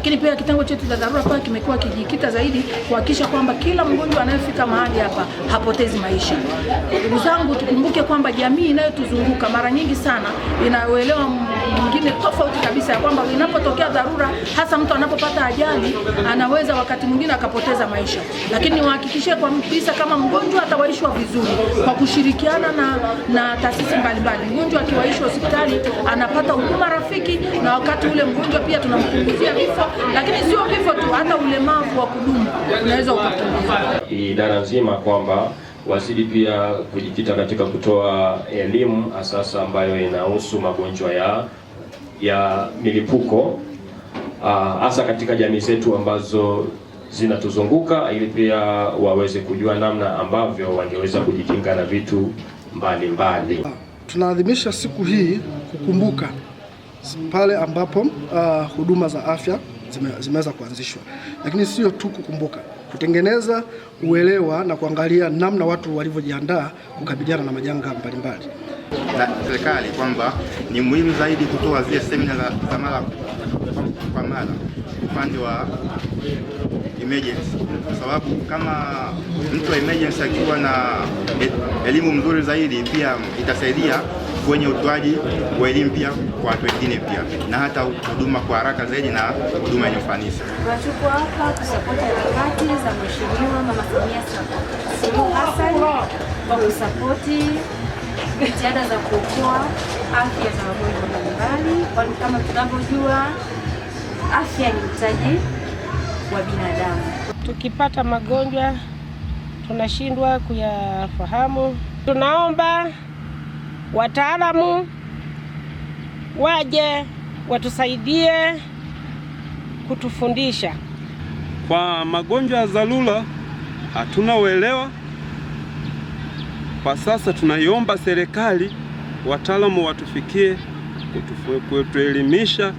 Lakini pia kitengo chetu cha dharura pia kimekuwa kijikita zaidi kuhakikisha kwamba kila mgonjwa anayefika mahali hapa hapotezi maisha. Ndugu zangu, tukumbuke kwamba jamii inayotuzunguka mara nyingi sana inaoelewa mwingine tofauti kabisa, ya kwamba inapotokea dharura, hasa mtu anapopata ajali, anaweza wakati mwingine akapoteza maisha, lakini wahakikishe kabisa kama mgonjwa atawaishwa vizuri kwa kushirikiana na, na taasisi mbalimbali. Mgonjwa akiwaishwa hospitali anapata huduma rafiki, na wakati ule mgonjwa pia tunampunguzia vifo lakini sio kifo tu, hata ulemavu wa kudumu unaweza ukakimbia. Idara nzima kwamba wazidi pia kujikita katika kutoa elimu asasa ambayo inahusu magonjwa ya ya milipuko ah, hasa katika jamii zetu ambazo zinatuzunguka ili pia waweze kujua namna ambavyo wangeweza kujikinga na vitu mbalimbali Tunaadhimisha siku hii kukumbuka pale ambapo uh, huduma za afya zimeweza kuanzishwa, lakini sio tu kukumbuka, kutengeneza uelewa na kuangalia namna watu walivyojiandaa kukabiliana na majanga mbalimbali na serikali kwamba ni muhimu zaidi kutoa zile semina za mara kwa mara upande wa emergency, kwa sababu kama mtu wa emergency akiwa na e-, elimu mzuri zaidi, pia itasaidia kwenye utoaji wa elimu pia kwa watu wengine pia na hata huduma kwa haraka zaidi na huduma yenye ufanisi. Tunachukua hapa kusapoti harakati za Mheshimiwa Mama Samia Suluhu Hassan kwa kusapoti jitihada za kuokoa afya za wagonjwa mbalimbali, kwani kama tunavyojua afya ni mtaji wa binadamu. Tukipata magonjwa tunashindwa kuyafahamu, tunaomba wataalamu waje watusaidie kutufundisha. Kwa magonjwa ya dharura hatuna uelewa kwa sasa, tunaiomba serikali wataalamu watufikie kutuelimisha